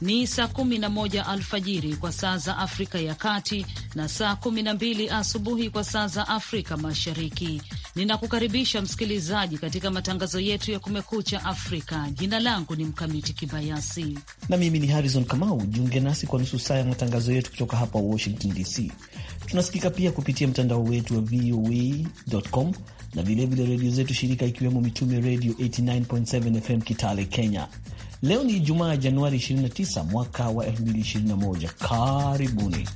ni saa 11 alfajiri kwa saa za Afrika ya Kati na saa 12 asubuhi kwa saa za Afrika Mashariki. Ninakukaribisha msikilizaji katika matangazo yetu ya Kumekucha Afrika. Jina langu ni Mkamiti Kibayasi na mimi ni Harrison Kamau. Jiunge nasi kwa nusu saa ya matangazo yetu kutoka hapa Washington DC. Tunasikika pia kupitia mtandao wetu wa voa.com e na vilevile redio zetu shirika ikiwemo Mitume Redio 89.7 FM Kitale, Kenya, Leo ni Ijumaa, Januari 29 mwaka wa 2021. Karibuni.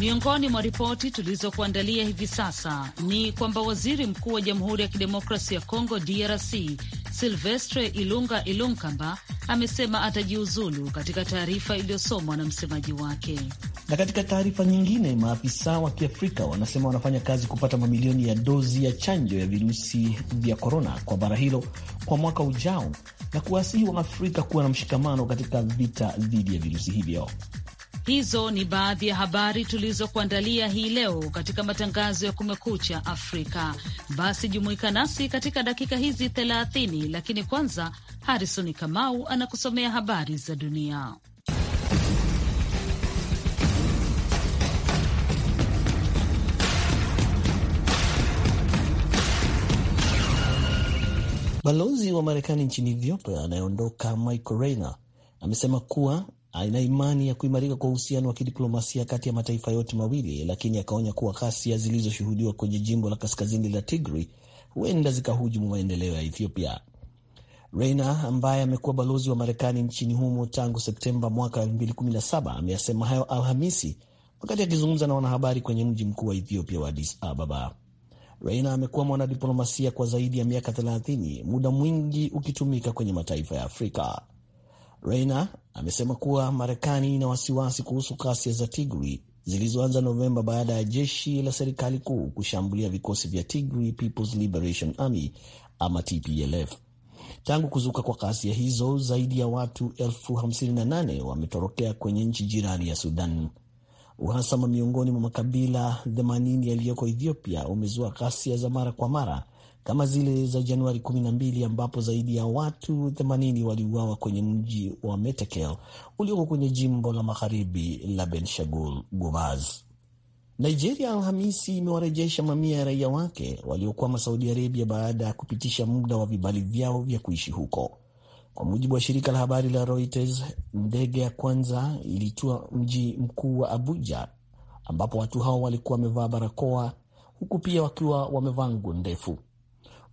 Miongoni mwa ripoti tulizokuandalia hivi sasa ni kwamba waziri mkuu wa Jamhuri ya Kidemokrasi ya Kongo, DRC, Silvestre Ilunga Ilunkamba amesema atajiuzulu katika taarifa iliyosomwa na msemaji wake. Na katika taarifa nyingine, maafisa wa Kiafrika wanasema wanafanya kazi kupata mamilioni ya dozi ya chanjo ya virusi vya korona kwa bara hilo kwa mwaka ujao, na kuwasihi Waafrika kuwa na mshikamano katika vita dhidi ya virusi hivyo. Hizo ni baadhi ya habari tulizokuandalia hii leo katika matangazo ya Kumekucha Afrika. Basi jumuika nasi katika dakika hizi 30, lakini kwanza harison Kamau anakusomea habari za dunia. Balozi wa Marekani nchini Ethiopia anayeondoka Michael Reiner amesema kuwa ana imani ya kuimarika kwa uhusiano wa kidiplomasia kati ya mataifa yote mawili, lakini akaonya kuwa ghasia zilizoshuhudiwa kwenye jimbo la kaskazini la Tigray huenda zikahujumu maendeleo ya Ethiopia. Reiner ambaye amekuwa balozi wa Marekani nchini humo tangu Septemba mwaka 2017 ameyasema hayo Alhamisi wakati akizungumza na wanahabari kwenye mji mkuu wa Ethiopia wa Addis Ababa. Reina amekuwa mwanadiplomasia kwa zaidi ya miaka 30, muda mwingi ukitumika kwenye mataifa ya Afrika. Reina amesema kuwa Marekani ina wasiwasi kuhusu kasia za Tigri zilizoanza Novemba baada ya jeshi la serikali kuu kushambulia vikosi vya Tigri People's Liberation Army ama TPLF. Tangu kuzuka kwa kasia hizo, zaidi ya watu elfu 58 wametorokea kwenye nchi jirani ya Sudan. Uhasama miongoni mwa makabila 80 yaliyoko Ethiopia umezua ghasia za mara kwa mara kama zile za Januari 12 ambapo zaidi ya watu 80 waliuawa kwenye mji wa Metekel ulioko kwenye jimbo la magharibi la Benshagul Gumaz. Nigeria Alhamisi imewarejesha mamia ya raia wake waliokwama Saudi Arabia baada ya kupitisha muda wa vibali vyao vya kuishi huko. Kwa mujibu wa shirika la habari la Reuters, ndege ya kwanza ilitua mji mkuu wa Abuja, ambapo watu hao walikuwa wamevaa barakoa huku pia wakiwa wamevaa nguo ndefu.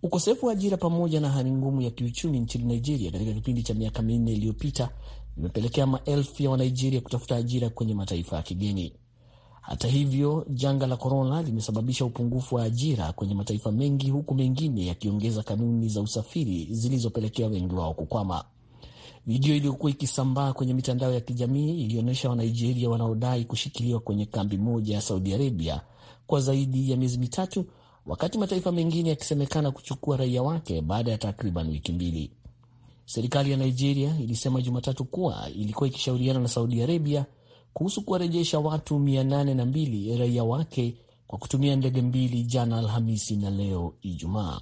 Ukosefu wa ajira pamoja na hali ngumu ya kiuchumi nchini Nigeria katika kipindi cha miaka minne iliyopita imepelekea maelfu ya Wanigeria kutafuta ajira kwenye mataifa ya kigeni. Hata hivyo, janga la korona limesababisha upungufu wa ajira kwenye mataifa mengi, huku mengine yakiongeza kanuni za usafiri zilizopelekea wengi wao kukwama. Video iliyokuwa ikisambaa kwenye mitandao ya kijamii ilionyesha Wanigeria wanaodai kushikiliwa kwenye kambi moja ya Saudi Arabia kwa zaidi ya miezi mitatu, wakati mataifa mengine yakisemekana kuchukua raia wake baada ya takriban wiki mbili. Serikali ya Nigeria ilisema Jumatatu kuwa ilikuwa ikishauriana na Saudi Arabia kuhusu kuwarejesha watu 802 raia wake kwa kutumia ndege mbili jana Alhamisi na leo Ijumaa.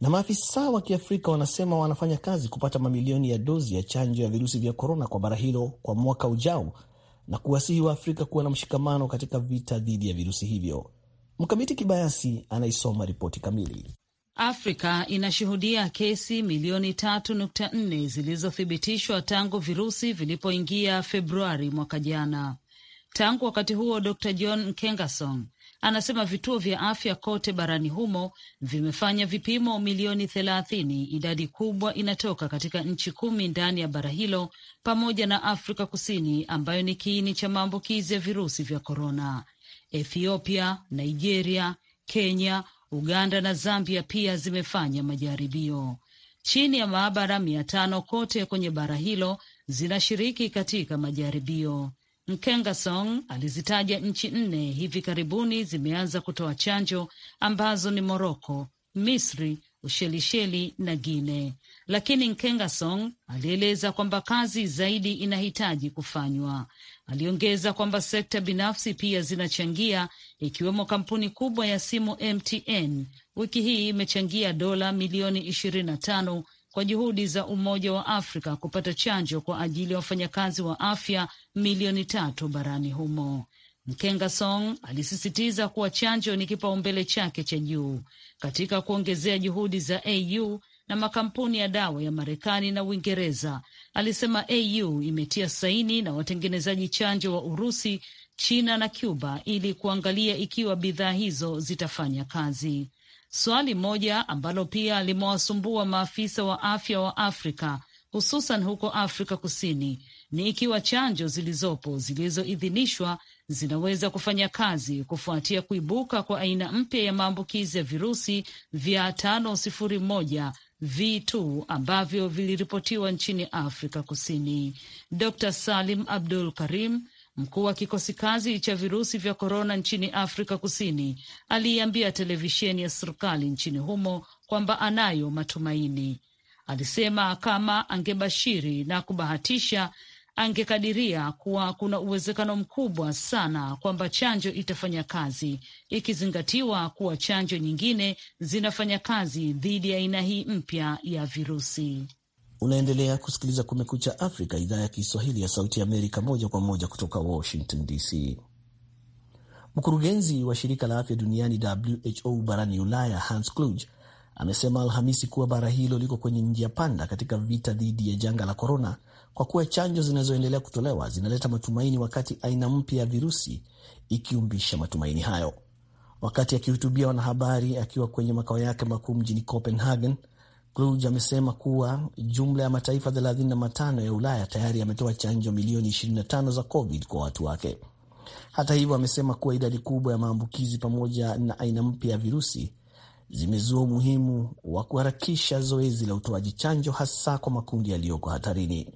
Na maafisa wa Kiafrika wanasema wanafanya kazi kupata mamilioni ya dozi ya chanjo ya virusi vya korona kwa bara hilo kwa mwaka ujao na kuwasihi wa afrika kuwa na mshikamano katika vita dhidi ya virusi hivyo. Mkamiti Kibayasi anaisoma ripoti kamili. Afrika inashuhudia kesi milioni tatu nukta nne zilizothibitishwa tangu virusi vilipoingia Februari mwaka jana. Tangu wakati huo, Dr John Nkengasong anasema vituo vya afya kote barani humo vimefanya vipimo milioni thelathini. Idadi kubwa inatoka katika nchi kumi ndani ya bara hilo pamoja na Afrika Kusini ambayo ni kiini cha maambukizi ya virusi vya korona: Ethiopia, Nigeria, Kenya, Uganda na Zambia pia zimefanya majaribio. Chini ya maabara mia tano kote kwenye bara hilo zinashiriki katika majaribio. Mkengasong alizitaja nchi nne hivi karibuni zimeanza kutoa chanjo ambazo ni Moroko, Misri, Ushelisheli na Guine, lakini Nkengasong alieleza kwamba kazi zaidi inahitaji kufanywa. Aliongeza kwamba sekta binafsi pia zinachangia ikiwemo kampuni kubwa ya simu MTN wiki hii imechangia dola milioni 25 kwa juhudi za Umoja wa Afrika kupata chanjo kwa ajili ya wafanyakazi wa afya milioni tatu barani humo. Mkenga Song alisisitiza kuwa chanjo ni kipaumbele chake cha juu katika kuongezea juhudi za AU na makampuni ya dawa ya Marekani na Uingereza. Alisema AU imetia saini na watengenezaji chanjo wa Urusi China na Cuba ili kuangalia ikiwa bidhaa hizo zitafanya kazi. Swali moja ambalo pia limewasumbua maafisa wa afya wa Afrika hususan huko Afrika Kusini ni ikiwa chanjo zilizopo zilizoidhinishwa zinaweza kufanya kazi kufuatia kuibuka kwa aina mpya ya maambukizi ya virusi vya tano sifuri moja V2 ambavyo viliripotiwa nchini Afrika Kusini. Dr Salim Abdul Karim Mkuu wa kikosi kazi cha virusi vya korona nchini Afrika Kusini aliiambia televisheni ya serikali nchini humo kwamba anayo matumaini. Alisema kama angebashiri na kubahatisha, angekadiria kuwa kuna uwezekano mkubwa sana kwamba chanjo itafanya kazi, ikizingatiwa kuwa chanjo nyingine zinafanya kazi dhidi ya aina hii mpya ya virusi. Unaendelea kusikiliza Kumekucha Afrika, idhaa ya Kiswahili ya Sauti Amerika, moja kwa moja kutoka Washington DC. Mkurugenzi wa shirika la afya duniani WHO barani Ulaya, Hans Kluge, amesema Alhamisi kuwa bara hilo liko kwenye njia panda katika vita dhidi ya janga la korona, kwa kuwa chanjo zinazoendelea kutolewa zinaleta matumaini, wakati aina mpya ya virusi ikiumbisha matumaini hayo. Wakati akihutubia wanahabari akiwa kwenye makao yake makuu mjini Copenhagen, Kluge amesema kuwa jumla ya mataifa 35 ya Ulaya tayari yametoa chanjo milioni 25 za COVID kwa watu wake. Hata hivyo, amesema kuwa idadi kubwa ya maambukizi pamoja na aina mpya ya virusi zimezua umuhimu wa kuharakisha zoezi la utoaji chanjo hasa kwa makundi yaliyoko hatarini.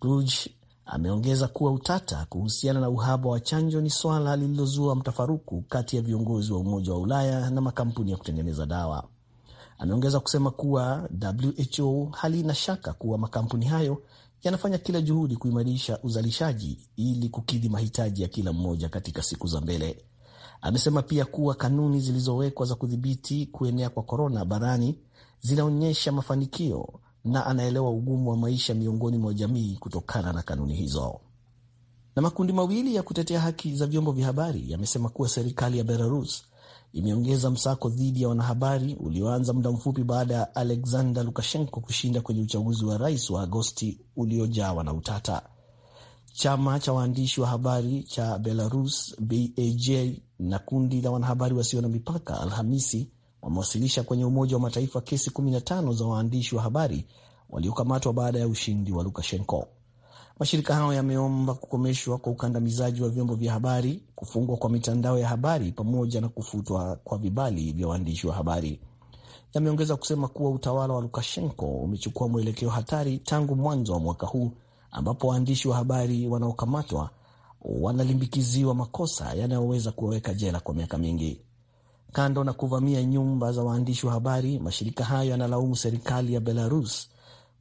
Kluge ameongeza kuwa utata kuhusiana na uhaba wa chanjo ni swala lililozua mtafaruku kati ya viongozi wa Umoja wa Ulaya na makampuni ya kutengeneza dawa. Ameongeza kusema kuwa WHO halina shaka kuwa makampuni hayo yanafanya kila juhudi kuimarisha uzalishaji ili kukidhi mahitaji ya kila mmoja katika siku za mbele. Amesema pia kuwa kanuni zilizowekwa za kudhibiti kuenea kwa korona barani zinaonyesha mafanikio na anaelewa ugumu wa maisha miongoni mwa jamii kutokana na kanuni hizo. Na makundi mawili ya kutetea haki za vyombo vya habari yamesema kuwa serikali ya Belarus imeongeza msako dhidi ya wanahabari ulioanza muda mfupi baada ya Alexander Lukashenko kushinda kwenye uchaguzi wa rais wa Agosti uliojawa na utata. Chama cha waandishi wa habari cha Belarus BAJ na kundi la wanahabari wasio na mipaka Alhamisi wamewasilisha kwenye Umoja wa Mataifa kesi 15 za waandishi wa habari waliokamatwa baada ya ushindi wa Lukashenko. Mashirika hayo yameomba kukomeshwa kwa ukandamizaji wa vyombo vya habari, kufungwa kwa mitandao ya habari pamoja na kufutwa kwa vibali vya waandishi wa habari. Yameongeza kusema kuwa utawala wa Lukashenko umechukua mwelekeo hatari tangu mwanzo wa mwaka huu ambapo waandishi wa habari wanaokamatwa wanalimbikiziwa makosa yanayoweza kuwaweka jela kwa miaka mingi. Kando na kuvamia nyumba za waandishi wa habari, mashirika hayo yanalaumu serikali ya Belarus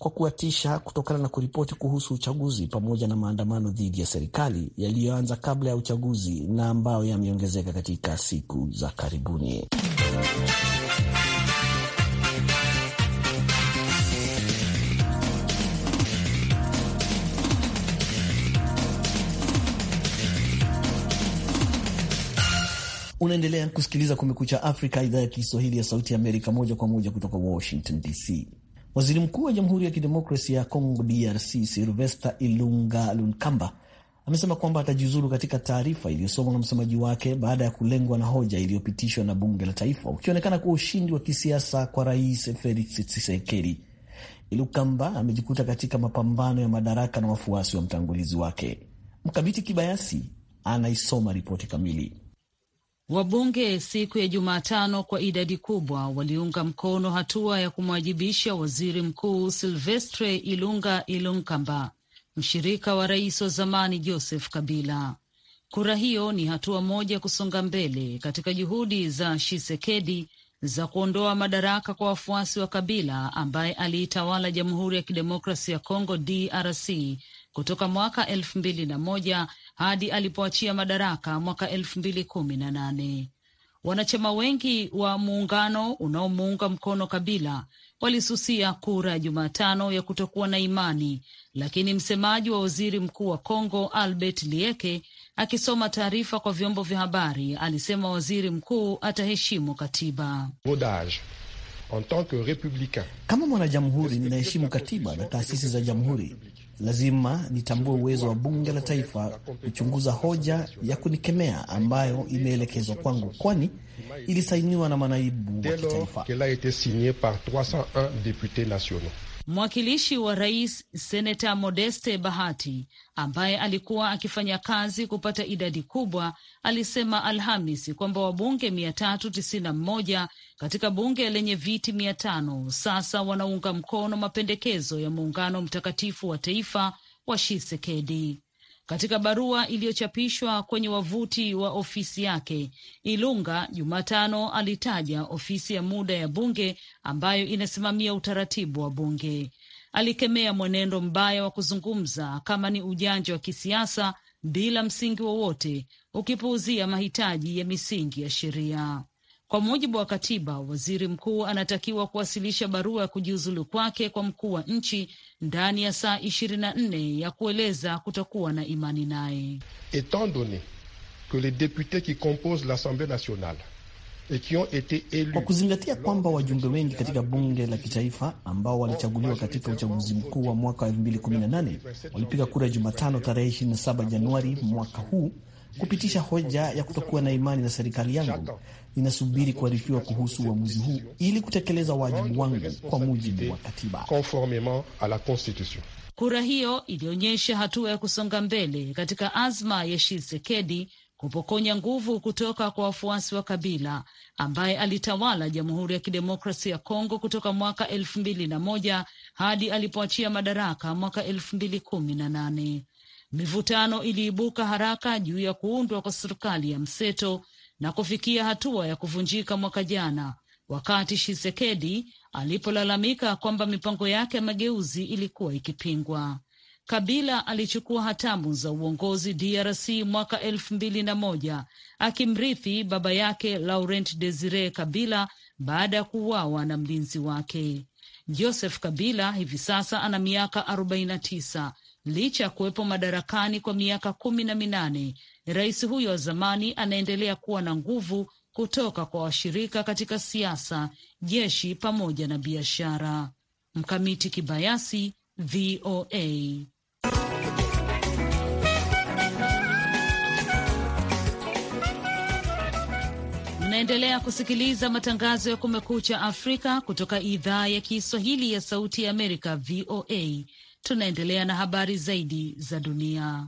kwa kuwatisha kutokana na kuripoti kuhusu uchaguzi pamoja na maandamano dhidi ya serikali yaliyoanza kabla ya uchaguzi na ambayo yameongezeka katika siku za karibuni. Unaendelea kusikiliza Kumekucha Afrika, idhaa ya Kiswahili ya Sauti ya Amerika, moja kwa moja kutoka Washington DC. Waziri Mkuu wa Jamhuri ya Kidemokrasia ya Kongo DRC Silvester Ilunga Lunkamba amesema kwamba atajiuzulu katika taarifa iliyosomwa na msemaji wake baada ya kulengwa na hoja iliyopitishwa na bunge la taifa, ukionekana kuwa ushindi wa kisiasa kwa rais Felix Tshisekedi. Ilukamba amejikuta katika mapambano ya madaraka na wafuasi wa mtangulizi wake. Mkabiti Kibayasi anaisoma ripoti kamili. Wabunge siku ya Jumatano kwa idadi kubwa waliunga mkono hatua ya kumwajibisha waziri mkuu Silvestre Ilunga Ilunkamba, mshirika wa rais wa zamani Joseph Kabila. Kura hiyo ni hatua moja kusonga mbele katika juhudi za Shisekedi za kuondoa madaraka kwa wafuasi wa Kabila ambaye aliitawala Jamhuri ya Kidemokrasi ya Kongo DRC kutoka mwaka elfu mbili na moja hadi alipoachia madaraka mwaka elfu mbili kumi na nane. Wanachama wengi wa muungano unaomuunga mkono Kabila walisusia kura ya Jumatano ya kutokuwa na imani, lakini msemaji wa waziri mkuu wa Kongo Albert Lieke akisoma taarifa kwa vyombo vya habari alisema waziri mkuu ataheshimu katiba. Kama mwanajamhuri ninaheshimu katiba na taasisi za jamhuri Lazima nitambue uwezo wa bunge la taifa kuchunguza hoja ya kunikemea ambayo imeelekezwa kwangu, kwani ilisainiwa na manaibu wa kitaifa. Mwakilishi wa rais Seneta Modeste Bahati ambaye alikuwa akifanya kazi kupata idadi kubwa alisema Alhamis kwamba wabunge mia tatu tisini na mmoja katika bunge lenye viti mia tano sasa wanaunga mkono mapendekezo ya muungano mtakatifu wa taifa wa Shisekedi. Katika barua iliyochapishwa kwenye wavuti wa ofisi yake, Ilunga Jumatano alitaja ofisi ya muda ya bunge ambayo inasimamia utaratibu wa bunge. Alikemea mwenendo mbaya wa kuzungumza kama ni ujanja wa kisiasa bila msingi wowote, ukipuuzia mahitaji ya misingi ya sheria. Kwa mujibu wa katiba, waziri mkuu anatakiwa kuwasilisha barua ya kujiuzulu kwake kwa mkuu wa nchi ndani ya saa 24 ya kueleza kutokuwa na imani naye. Etant donne que les qui composent l'assemblee nationale kwa kuzingatia kwamba wajumbe wengi katika bunge la kitaifa ambao walichaguliwa katika uchaguzi mkuu wa mwaka wa 2018 walipiga kura Jumatano tarehe 27 Januari mwaka huu kupitisha hoja ya kutokuwa na imani na serikali yangu, Ninasubiri kuarifiwa kuhusu uamuzi huu ili kutekeleza wajibu wangu kwa mujibu wa katiba. Kura hiyo ilionyesha hatua ya kusonga mbele katika azma ya Tshisekedi kupokonya nguvu kutoka kwa wafuasi wa Kabila ambaye alitawala Jamhuri ya Kidemokrasia ya Kongo kutoka mwaka elfu mbili na moja hadi alipoachia madaraka mwaka elfu mbili kumi na nane. Mivutano iliibuka haraka juu ya kuundwa kwa serikali ya mseto na kufikia hatua ya kuvunjika mwaka jana wakati Shisekedi alipolalamika kwamba mipango yake ya mageuzi ilikuwa ikipingwa. Kabila alichukua hatamu za uongozi DRC mwaka elfu mbili na moja akimrithi baba yake Laurent Desire Kabila baada ya kuuawa na mlinzi wake Joseph Kabila. Hivi sasa ana miaka arobaini na tisa Licha ya kuwepo madarakani kwa miaka kumi na minane, rais huyo wa zamani anaendelea kuwa na nguvu kutoka kwa washirika katika siasa, jeshi pamoja na biashara. Mkamiti Kibayasi, VOA. Mnaendelea kusikiliza matangazo ya Kumekucha Afrika kutoka idhaa ya Kiswahili ya Sauti ya Amerika, VOA. Tunaendelea na habari zaidi za dunia.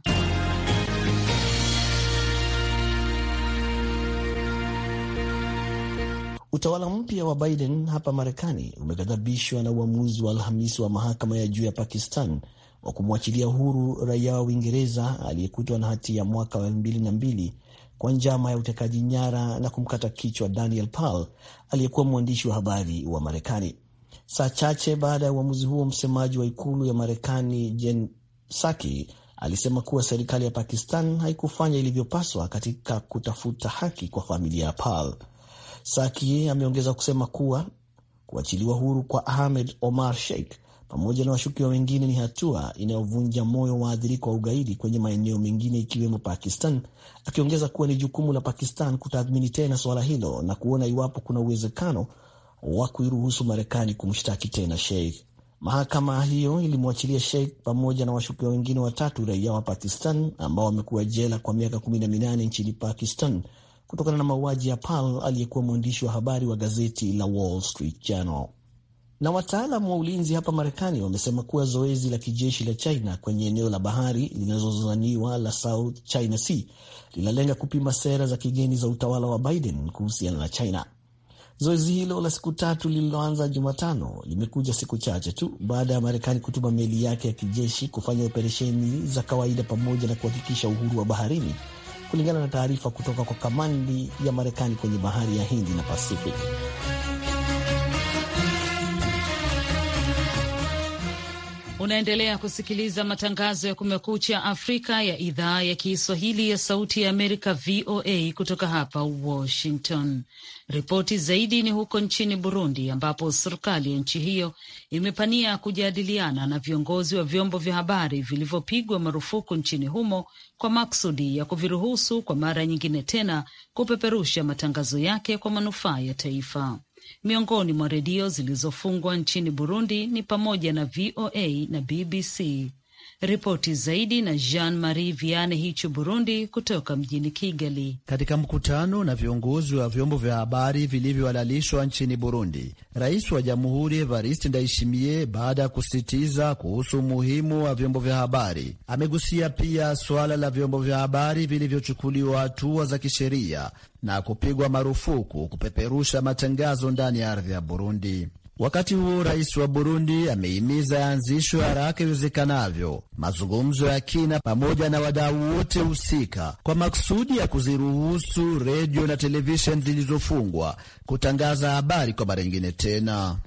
Utawala mpya wa Biden hapa Marekani umeghadhabishwa na uamuzi wa Alhamisi wa mahakama ya juu ya Pakistan wa kumwachilia huru raia wa Uingereza aliyekutwa na hatia ya mwaka wa elfu mbili na mbili kwa njama ya utekaji nyara na kumkata kichwa Daniel Pearl aliyekuwa mwandishi wa habari wa Marekani. Saa chache baada ya uamuzi huo, msemaji wa ikulu ya Marekani Jen Psaki alisema kuwa serikali ya Pakistan haikufanya ilivyopaswa katika kutafuta haki kwa familia ya Pal. Saki ameongeza kusema kuwa kuachiliwa huru kwa Ahmed Omar Sheikh pamoja na washukiwa wengine ni hatua inayovunja moyo waathirika wa ugaidi kwenye maeneo mengine ikiwemo Pakistan, akiongeza kuwa ni jukumu la Pakistan kutathmini tena suala hilo na kuona iwapo kuna uwezekano wa kuiruhusu Marekani kumshtaki tena Sheikh. Mahakama hiyo ilimwachilia Sheikh pamoja na washukiwa wengine watatu raia wa Pakistan ambao wamekuwa jela kwa miaka kumi na minane nchini Pakistan kutokana na mauaji ya Pal aliyekuwa mwandishi wa habari wa gazeti la Wall Street Journal. Na wataalam wa ulinzi hapa Marekani wamesema kuwa zoezi la kijeshi la China kwenye eneo la bahari linazozaniwa la South China Sea linalenga kupima sera za kigeni za utawala wa Biden kuhusiana na China. Zoezi hilo la siku tatu lililoanza Jumatano limekuja siku chache tu baada ya Marekani kutuma meli yake ya kijeshi kufanya operesheni za kawaida pamoja na kuhakikisha uhuru wa baharini, kulingana na taarifa kutoka kwa kamandi ya Marekani kwenye bahari ya Hindi na Pacific. Unaendelea kusikiliza matangazo ya Kumekucha Afrika ya idhaa ya Kiswahili ya Sauti ya Amerika, VOA, kutoka hapa Washington. Ripoti zaidi ni huko nchini Burundi, ambapo serikali ya nchi hiyo imepania kujadiliana na viongozi wa vyombo vya habari vilivyopigwa marufuku nchini humo kwa maksudi ya kuviruhusu kwa mara nyingine tena kupeperusha matangazo yake kwa manufaa ya taifa. Miongoni mwa redio zilizofungwa nchini Burundi ni pamoja na VOA na BBC. Ripoti zaidi na Jean Marie Viane Hichu, Burundi, kutoka mjini Kigali. Katika mkutano na viongozi wa vyombo vya habari vilivyohalalishwa nchini Burundi, rais wa jamhuri Evariste Ndayishimiye, baada ya kusisitiza kuhusu umuhimu wa vyombo vya habari, amegusia pia suala la vyombo vya habari vilivyochukuliwa hatua za kisheria na kupigwa marufuku kupeperusha matangazo ndani ya ardhi ya Burundi. Wakati huo rais wa Burundi amehimiza yaanzishwe haraka iwezekanavyo mazungumzo ya kina pamoja na wadau wote husika kwa maksudi ya kuziruhusu redio na televisheni zilizofungwa kutangaza habari kwa mara nyingine tena.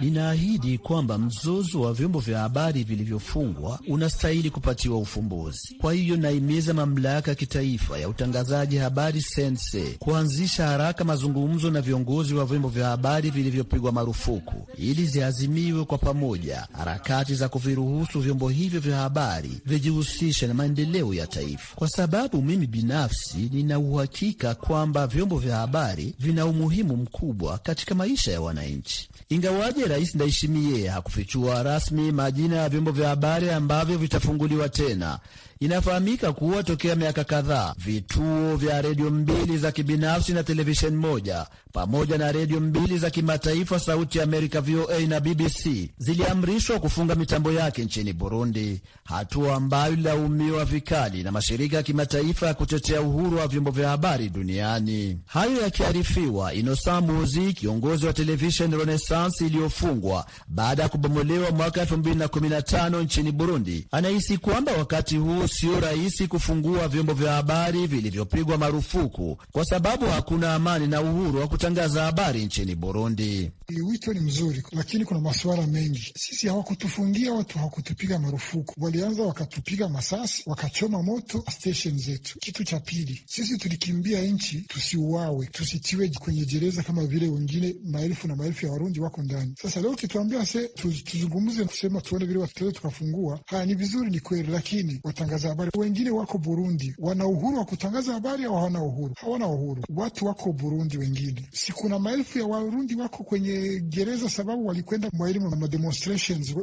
Ninaahidi kwamba mzozo wa vyombo vya habari vilivyofungwa unastahili kupatiwa ufumbuzi. Kwa hiyo, nahimiza mamlaka ya kitaifa ya utangazaji habari sense FCC kuanzisha haraka mazungumzo na viongozi wa vyombo vya habari vilivyopigwa marufuku ili ziazimiwe kwa pamoja harakati za kuviruhusu vyombo hivyo vya habari vijihusishe na maendeleo ya taifa, kwa sababu mimi binafsi nina uhakika kwamba vyombo vya habari vina umuhimu mkubwa katika maisha ya wananchi. Ingawaje Rais Ndayishimiye hakufichua rasmi majina ya vyombo vya habari ambavyo vitafunguliwa tena Inafahamika kuwa tokea miaka kadhaa vituo vya redio mbili za kibinafsi na televisheni moja pamoja na redio mbili za kimataifa Sauti ya Amerika VOA na BBC ziliamrishwa kufunga mitambo yake nchini Burundi, hatua ambayo ililaumiwa vikali na mashirika ya kimataifa ya kutetea uhuru wa vyombo vya habari duniani. Hayo yakiarifiwa, Inosa Muzi, kiongozi wa televisheni Renaissance iliyofungwa baada ya kubomolewa mwaka 2015 nchini Burundi, anahisi kwamba wakati huu sio rahisi kufungua vyombo vya habari vilivyopigwa marufuku kwa sababu hakuna amani na uhuru wa kutangaza habari nchini Burundi. Wito ni mzuri, lakini kuna masuala mengi. Sisi hawakutufungia watu, hawakutupiga marufuku, walianza wakatupiga masasi, wakachoma moto stesheni zetu. Kitu cha pili, sisi tulikimbia nchi tusiuawe, tusitiwe kwenye jereza kama vile wengine maelfu na maelfu ya Warundi wako ndani. Sasa leo ukituambia se tuzungumze, kusema tuone vile watuweze tukafungua, haya ni vizuri, ni kweli, lakini watangaza habari wengine wako Burundi, wana uhuru wa kutangaza habari au hawana uhuru? Hawana uhuru, watu wako Burundi wengine si kuna maelfu ya Warundi wako kwenye gereza sababu walikwenda mwailimu na mademonstrations,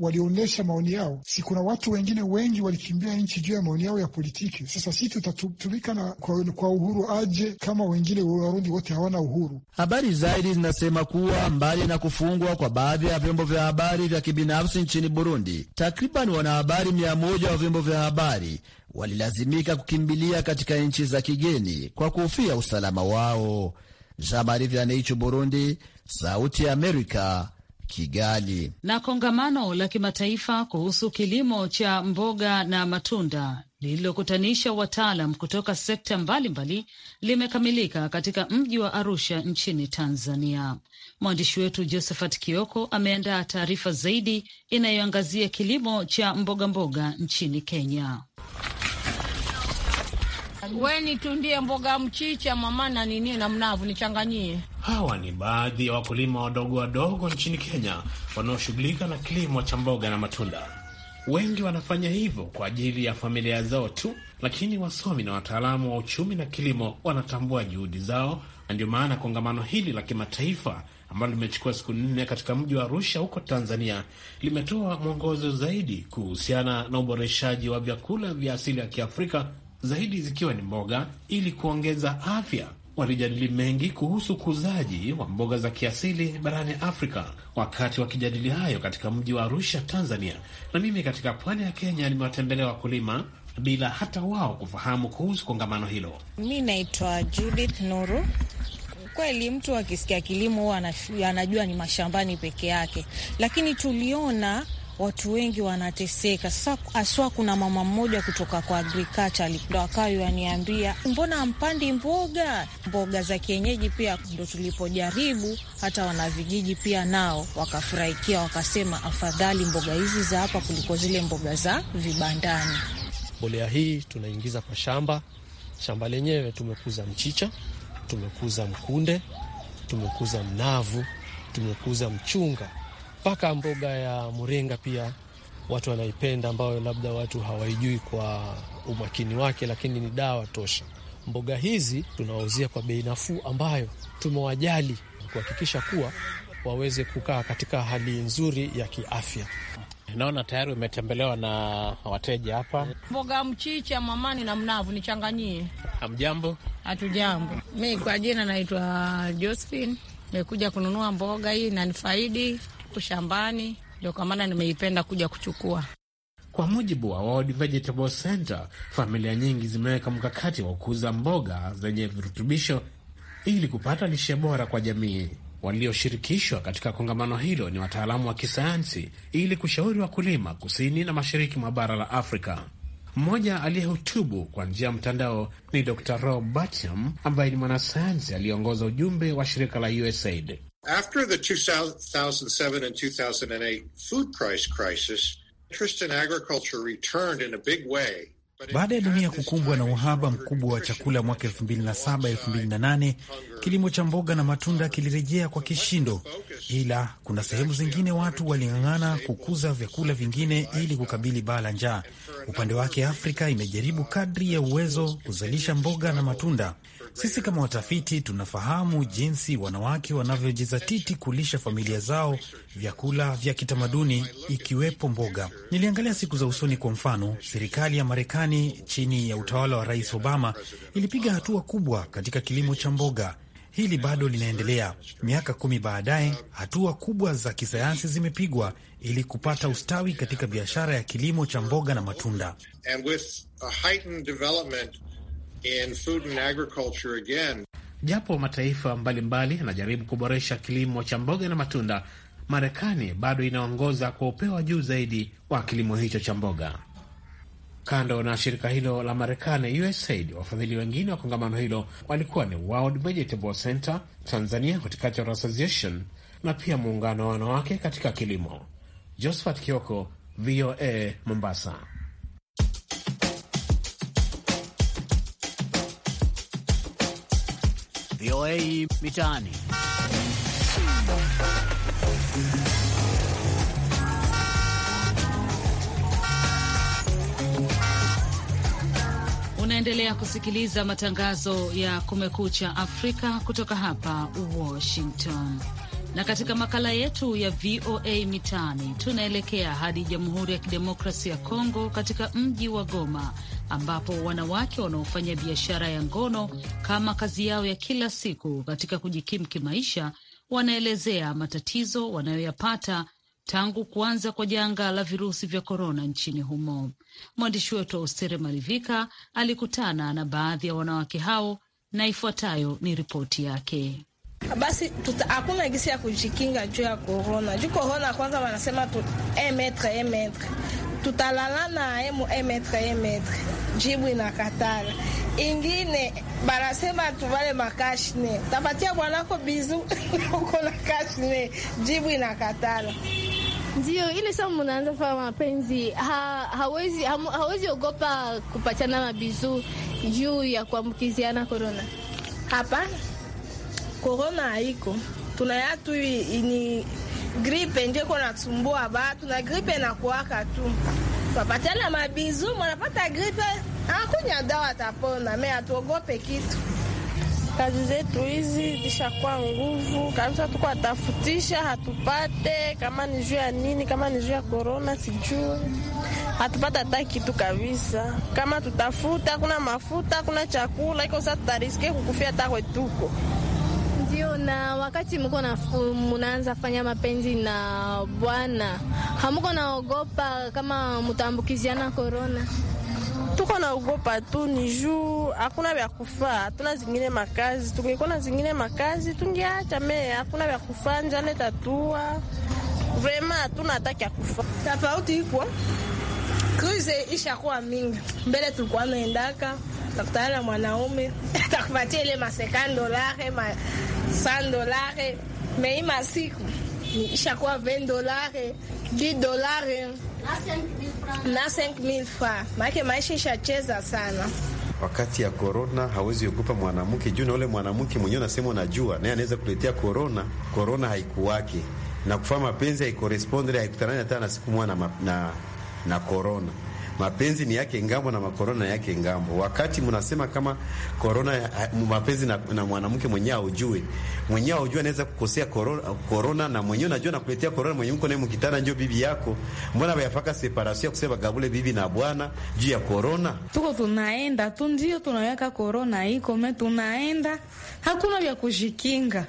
walionyesha maoni yao. Si kuna watu wengine wengi walikimbia nchi juu ya maoni yao ya politiki. Sasa si tutatumika na kwa, kwa uhuru aje kama wengine Warundi wote hawana uhuru? Habari zaidi zinasema kuwa mbali na kufungwa kwa baadhi ya vyombo vya habari vya kibinafsi nchini Burundi, takriban wanahabari mia moja wa vyombo vya habari walilazimika kukimbilia katika nchi za kigeni kwa kuhofia usalama wao. Jamari vya Naichu, Burundi. Sauti ya Amerika, Kigali. Na kongamano la kimataifa kuhusu kilimo cha mboga na matunda lililokutanisha wataalam kutoka sekta mbalimbali limekamilika katika mji wa Arusha nchini Tanzania. Mwandishi wetu Josephat Kioko ameandaa taarifa zaidi inayoangazia kilimo cha mbogamboga mboga nchini Kenya kabisa. We nitundie mboga mchicha mama na nini na mnavu nichanganyie. Hawa ni baadhi ya wakulima wadogo wadogo nchini Kenya wanaoshughulika na kilimo cha mboga na matunda. Wengi wanafanya hivyo kwa ajili ya familia zao tu, lakini wasomi na wataalamu wa uchumi na kilimo wanatambua juhudi zao, na ndio maana kongamano hili la kimataifa ambalo limechukua siku nne katika mji wa Arusha huko Tanzania limetoa mwongozo zaidi kuhusiana na uboreshaji wa vyakula vya asili ya Kiafrika zaidi zikiwa ni mboga, ili kuongeza afya. Walijadili mengi kuhusu ukuzaji wa mboga za kiasili barani Afrika wakati wakijadili hayo katika mji wa Arusha, Tanzania. Na mimi katika pwani ya Kenya nimewatembelea wakulima bila hata wao kufahamu kuhusu kongamano hilo. Mi naitwa Judith Nuru. Kweli mtu akisikia kilimo huwa anajua ni mashambani peke yake, lakini tuliona watu wengi wanateseka. Sasa aswa kuna mama mmoja kutoka kwa agriculture ndo akawa yaniambia, mbona mpandi mboga mboga za kienyeji? Pia ndo tulipojaribu, hata wanavijiji pia nao wakafurahikia, wakasema afadhali mboga hizi za hapa kuliko zile mboga za vibandani. Mbolea hii tunaingiza kwa shamba. Shamba lenyewe tumekuza mchicha, tumekuza mkunde, tumekuza mnavu, tumekuza mchunga mpaka mboga ya mrenga pia watu wanaipenda, ambayo labda watu hawaijui kwa umakini wake, lakini ni dawa tosha. Mboga hizi tunawauzia kwa bei nafuu, ambayo tumewajali kuhakikisha kuwa waweze kukaa katika hali nzuri ya kiafya. Naona tayari umetembelewa na wateja hapa. Mboga mchicha, mwamani na mnavu nichanganyie. Hamjambo? Hatujambo. Mi kwa jina naitwa Josephine, nimekuja kununua mboga hii nanifaidi hapo shambani, ndio kwa maana nimeipenda kuja kuchukua. Kwa mujibu wa World Vegetable Center, familia nyingi zimeweka mkakati wa kuuza mboga zenye virutubisho ili kupata lishe bora kwa jamii. Walioshirikishwa katika kongamano hilo ni wataalamu wa kisayansi ili kushauri wakulima kusini na mashariki mwa bara la Afrika. Mmoja aliyehutubu kwa njia ya mtandao ni Dr Rob Bacham ambaye ni mwanasayansi aliyeongoza ujumbe wa shirika la USAID. After the 2007 and 2008 food price crisis, interest in agriculture returned in a big way. Baada ya dunia kukumbwa na uhaba mkubwa wa chakula mwaka 2007-2008, kilimo cha mboga na matunda kilirejea kwa kishindo, ila kuna sehemu zingine watu waling'ang'ana kukuza vyakula vingine ili kukabili baa la njaa. Upande wake, Afrika imejaribu kadri ya uwezo kuzalisha mboga na matunda sisi kama watafiti tunafahamu jinsi wanawake wanavyojizatiti kulisha familia zao vyakula vya kitamaduni ikiwepo mboga. Niliangalia siku za usoni. Kwa mfano, serikali ya Marekani chini ya utawala wa Rais Obama ilipiga hatua kubwa katika kilimo cha mboga. Hili bado linaendelea. Miaka kumi baadaye, hatua kubwa za kisayansi zimepigwa ili kupata ustawi katika biashara ya kilimo cha mboga na matunda. And with a food and agriculture again. Japo mataifa mbalimbali yanajaribu kuboresha kilimo cha mboga na matunda, Marekani bado inaongoza kwa upewa juu zaidi wa kilimo hicho cha mboga. Kando na shirika hilo la Marekani, USAID, wafadhili wengine wa kongamano hilo walikuwa ni World Vegetable Center Tanzania, Horticultural Association na pia muungano wa wanawake katika kilimo. Josephat Kioko, VOA, Mombasa. VOA Mitaani. Unaendelea kusikiliza matangazo ya Kumekucha Afrika kutoka hapa Washington. Na katika makala yetu ya VOA Mitaani tunaelekea hadi Jamhuri ya Kidemokrasia ya Kongo katika mji wa Goma ambapo wanawake wanaofanya biashara ya ngono kama kazi yao ya kila siku katika kujikimu kimaisha wanaelezea matatizo wanayoyapata tangu kuanza kwa janga la virusi vya korona nchini humo. Mwandishi wetu wa Ustere Malivika alikutana na baadhi ya wanawake hao na ifuatayo ni ripoti yake. Basi hakuna gisi ya kujikinga juu ya korona, juu korona kwanza wanasema tu emetre emetre tutalalana emetre eh, eh, emetre, eh, jibu inakatala. Ingine banasema tuvale makashne, tapatia bwanako bizu uko na kashne, jibu inakatala. Ndio ile saa munaanza fanya mapenzi ha, hawezi, ha, hawezi ogopa kupachana mabizu juu ya kuambukiziana korona. Hapana, korona haiko tunayatu ini gripe ndio iko natumbua batu na gripe nakuwaka tu wapatiana mabizu mwanapata gripe akunya dawa atapona. Me atuogope kitu, kazi zetu hizi zishakuwa nguvu kabisa, tuko atafutisha hatupate, kama ni juu ya nini, kama ni juu ya korona sijui hatupata hata kitu kabisa. Kama tutafuta kuna mafuta kuna chakula iko sasa, tutariske kukufia hata kwetuko ndio, na wakati mko mnaanza fanya mapenzi na bwana, hamuko naogopa kama mtaambukiziana korona? Tuko naogopa tu, ni juu hakuna vya kufaa, hatuna zingine makazi. Tungekuwa na zingine makazi tungeacha, me hakuna vya kufaa, njale tatua vrema, hatuna ya kufaa. Tofauti iko krize ishakuwa mingi, mbele tulikuwa naendaka utakutana na mwanaume atakupatia ile masekan dolare dolare ishakuwa dolare dolare na 5000 maake maisha ishacheza sana. Wakati ya korona hawezi ogopa mwanamke juu na ule mwanamke mwenyewe nasema, unajua naye anaweza kuletea korona. Korona haikuwake na kufanya mapenzi haikoresponde haikutanani hata na siku mwana na na korona mapenzi ni yake ngambo na makorona yake ngambo. Wakati mnasema kama korona mapenzi na, na mwanamke mwenye aujue mwenye aujue anaweza kukosea korona, na mwenyewe najua nakuletea korona mwenye mko naye mkitana njoo bibi yako, mbona bayafaka separasio kusema gabule bibi na bwana juu ya korona. Tuko tunaenda tu ndio tunaweka korona iko me tunaenda hakuna vya kujikinga.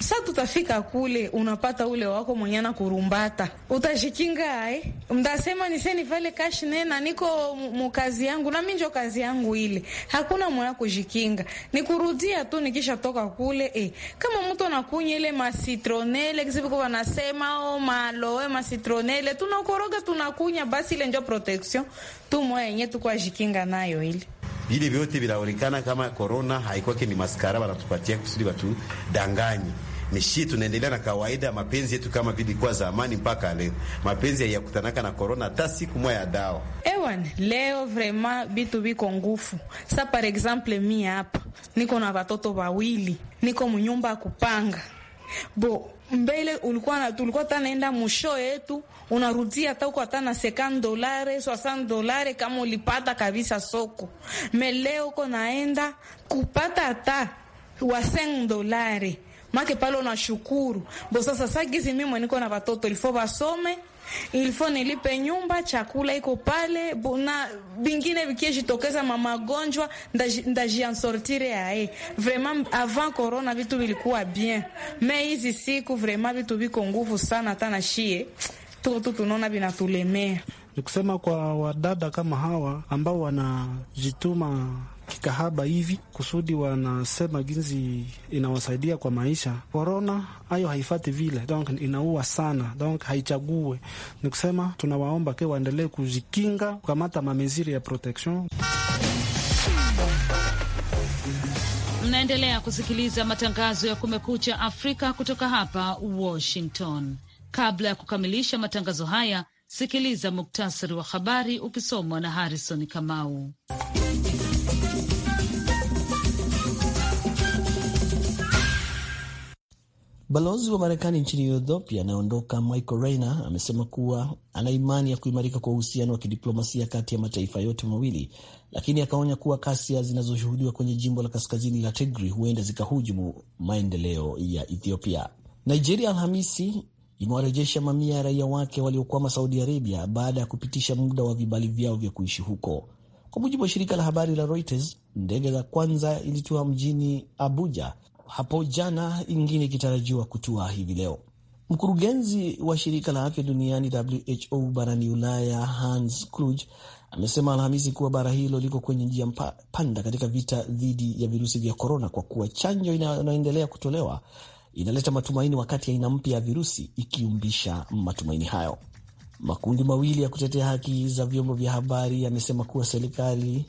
Sa tutafika kule, unapata ule wako mwenye na kurumbata, utajikinga ai, mtasema niseni vale kashi nena, niko mukazi yangu na minjo kazi yangu ile, hakuna mwenye kujikinga, nikurudia tu nikisha toka kule e. Kama mtu anakunya ile masitronele kisipo wanasema o oh, maloe masitronele, tunakoroga tunakunya, basi ile njo protection tu mwenye jikinga nayo ile vile vyote vinaonekana kama korona haikwake ni maskara, wanatupatia kusudi watudanganye nishi tunaendelea na kawaida mapenzi yetu kama vile kwa zamani mpaka leo. Mapenzi hayakutanaka na korona hata siku moja ya dawa. Ewan, leo vrema bitu viko ngufu. Sa par example mi hapa niko na watoto wawili, niko mnyumba ya kupanga bo mbele ulikuwa tulikuwa ta naenda musho yetu unarudia hata uko hata na sekan dolare swasan dolare kama ulipata kabisa soko meleo uko naenda kupata hata wasen dolare make pale unashukuru bo sasa kizi mimi niko na watoto lifo wasome ilifo nilipe nyumba, chakula iko pale na vingine vikiejitokeza, mamagonjwa ndajiansortire yae. Vraiment avant corona vitu vilikuwa bien, me hizi siku vraiment vitu viko nguvu sana, hata na shie tuko tu tunaona vinatulemea. nikusema kwa wadada kama hawa ambao wanajituma kikahaba hivi kusudi wanasema jinsi inawasaidia kwa maisha. Korona hayo haifati vile, donc inaua sana, donc haichague. Ni kusema tunawaomba ke waendelee kujikinga, kukamata mameziri ya protection. Mnaendelea kusikiliza matangazo ya Kumekucha Afrika kutoka hapa Washington. Kabla ya kukamilisha matangazo haya, sikiliza muktasari wa habari ukisomwa na Harrison Kamau. Balozi wa Marekani nchini Ethiopia anayeondoka Michael Reiner amesema kuwa ana imani ya kuimarika kwa uhusiano wa kidiplomasia kati ya mataifa yote mawili, lakini akaonya kuwa kasia zinazoshuhudiwa kwenye jimbo la kaskazini la tigri huenda zikahujumu maendeleo ya Ethiopia. Nigeria Alhamisi imewarejesha mamia ya raia wake waliokwama Saudi Arabia baada ya kupitisha muda wa vibali vyao vya kuishi huko. Kwa mujibu wa shirika la habari la Reuters, ndege za kwanza ilitua mjini Abuja hapo jana, ingine ikitarajiwa kutua hivi leo. Mkurugenzi wa shirika la afya duniani WHO barani Ulaya Hans Kluge amesema Alhamisi kuwa bara hilo liko kwenye njia panda katika vita dhidi ya virusi vya korona, kwa kuwa chanjo inayoendelea kutolewa inaleta matumaini, wakati aina mpya ya virusi ikiumbisha matumaini hayo. Makundi mawili ya kutetea haki za vyombo vya habari yamesema kuwa serikali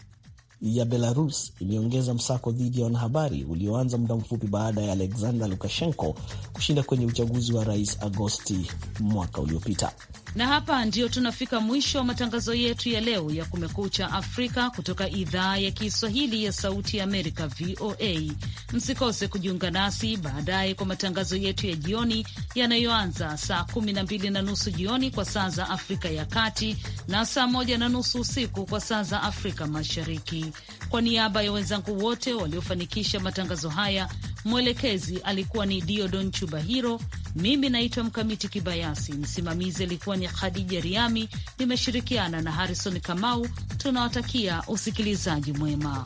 ya Belarus imeongeza msako dhidi ya wanahabari ulioanza muda mfupi baada ya Alexander Lukashenko kushinda kwenye uchaguzi wa rais Agosti mwaka uliopita. Na hapa ndio tunafika mwisho wa matangazo yetu ya leo ya Kumekucha Afrika kutoka idhaa ya Kiswahili ya Sauti ya Amerika, VOA. Msikose kujiunga nasi baadaye kwa matangazo yetu ya jioni yanayoanza saa kumi na mbili na nusu jioni kwa saa za Afrika ya Kati na saa moja na nusu usiku kwa saa za Afrika Mashariki. Kwa niaba ya wenzangu wote waliofanikisha matangazo haya, mwelekezi alikuwa ni Diodon Chubahiro, mimi naitwa Mkamiti Kibayasi, msimamizi alikuwa ni Khadija Riami, nimeshirikiana na Harrison Kamau. Tunawatakia usikilizaji mwema.